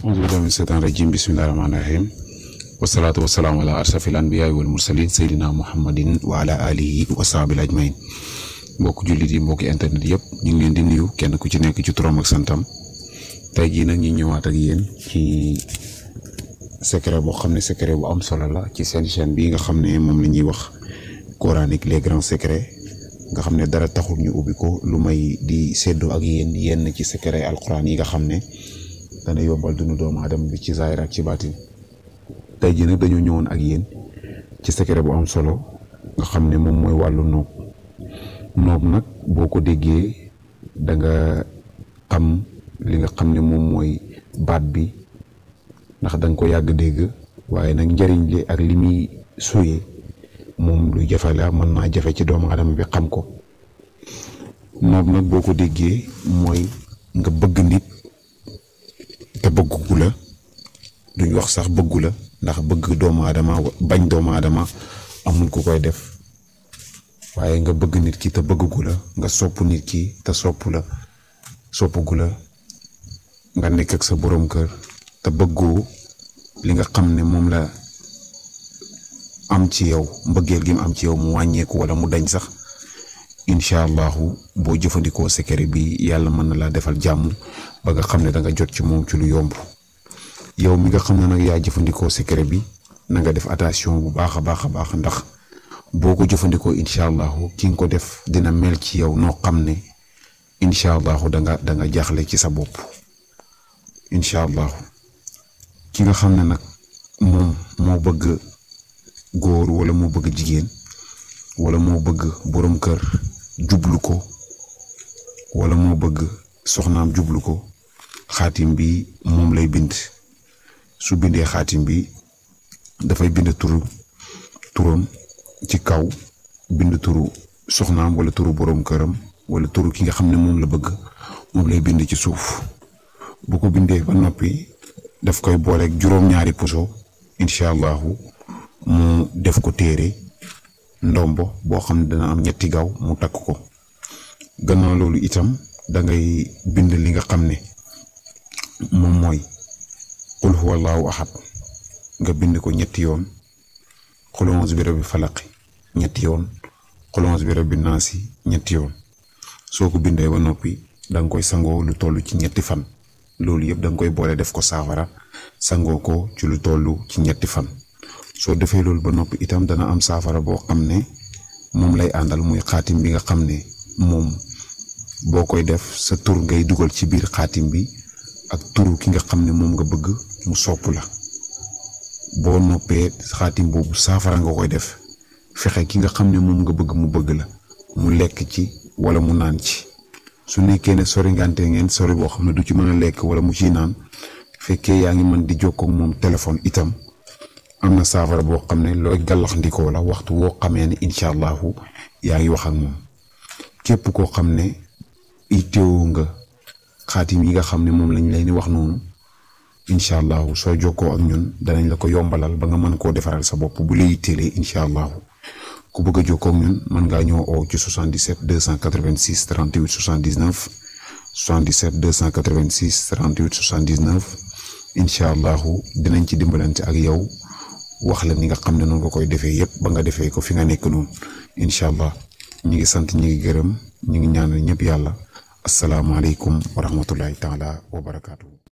أعوذ بالله من الشيطان الرجيم بسم الله الرحمن الرحيم والصلاة والسلام على أشرف الأنبياء والمرسلين سيدنا محمد وعلى آله وصحبه أجمعين بوك جوليتي موكي انترنت ييب نيغي نين دي نيو كين كو سي نيك سي تروم اك سانتام تاي جي نا نيغي نيوات اك يين سي سيكريت بو خامني سيكريت بو ام سولو لا سي سين شين بيغا خامني موم لا نيي واخ كورانيك لي غران سيكريت غا خامني دارا تاخو ني اوبيكو لوماي دي سيدو اك يين يين سي سيكريت القران ييغا خامني dana yombal dundu doomu aadama bi ci zaahir ak ci baatin tey jii nag dañu ñëwoon ak yéen ci secret bu am solo nga xam ne moom mooy wàllu noob noob nag boo ko déggee danga nga li nga xam ne moom mooy baat bi ndax da ko yàgg dégg waaye nag njëriñ li ak li muy suyee moom lu jafe la mën naa jafe ci doomu aadama bi xam ko noob nag boo ko déggee mooy nga bëgg nit wax sax bëggu la ndax bëgg doomu adama bañ doomu adama amul ku koy def waaye nga bëgg nit ki te bëggu la nga sopp nit ki te sopp la soppagu la nga nekk ak sa borom kër te bëggoo li nga xam ne moom la am ci yow mbëggeel gi mu am ci yow mu wàññeeku wala mu dañ sax allahu boo jëfandikoo bi yàlla mën na laa defal jàmm ba nga xam ne da nga jot ci moom ci lu yomb yow mi nga xam ne nag yaa jëfandikoo secret bi na nga def attention bu baax a baax a baax ndax boo ko jëfandikoo incha allahu ki nga ko def dina mel ci yow noo xam ne incha allahu da nga da nga jaaxle ci sa bopp incha allahu ki nga xam ne nag moom moo bëgg góor walla moo bëgg jigéen wala moo bëgg boroom kër jublu ko wala moo bëgg soxnaam jublu ko xaatim bi moom lay bind. su bindee xaatim bi dafay bind turu turam ci kaw bind turu soxnaam wala turu boroom këram wala turu ki nga xam ne moom la bëgg moom lay bind ci suuf bu ko bindee ba noppi daf koy booleek juróom-ñaari puso incha allahu mu def ko téere ndombo boo xam ne dana am ñetti gaaw mu takk ko gannaaw loolu itam dangay bind li nga xam ne moom mooy wallaahu axad nga bind ko ñetti yoon xul auzu bi rabbi falaqi ñetti yoon xul auzu bi rabbi naasi ñetti yoon soo ko bindee ba noppi da koy sangoo lu toll ci ñetti fan loolu yëpp da koy boole def ko saafara sangoo ko ci lu toll ci ñetti fan soo defee loolu ba noppi itam dana am saafara boo xam ne moom lay àndal muy xaatim bi nga xam ne moom boo koy def sa tur ngay dugal ci biir xaatim bi ak turu ki nga xam ne moom nga bëgg mu sopp la boo noppee xaatim boobu saafara nga koy def fexe ki nga xam ne moom nga bëgg mu bëgg la mu lekk ci wala mu naan ci su nekkee ne soringante ngeen sori boo xam ne du ci mën a lekk wala mu ciy naan fekkee yaa ngi mën di jokkoo moom téléphone itam am na saafara boo xam ne looy gàllax la waxtu woo xamee ne incha allahu yaa ngi wax ak moom képp koo xam ne itteewoo nga xaatim yi nga xam ne moom lañ leen di wax noonu Insyaallah allahu joko ak ñun danañ la ko yombalal ba nga mëna ko defaral sa bop bu lay télé inshallah ku bëgg joko ak ñun mën nga ñoo o ci 77 286 38 79 77 286 38 79 incha allahu dinañ ci dimbalante ak yow wax la ni nga xam ne nga koy defee yépp ba nga defee ko fi nga nekk allah ñi ngi sant ñi ngi gërëm ñi ngi ñaanal ñëpp wa rahmatullahi taala wa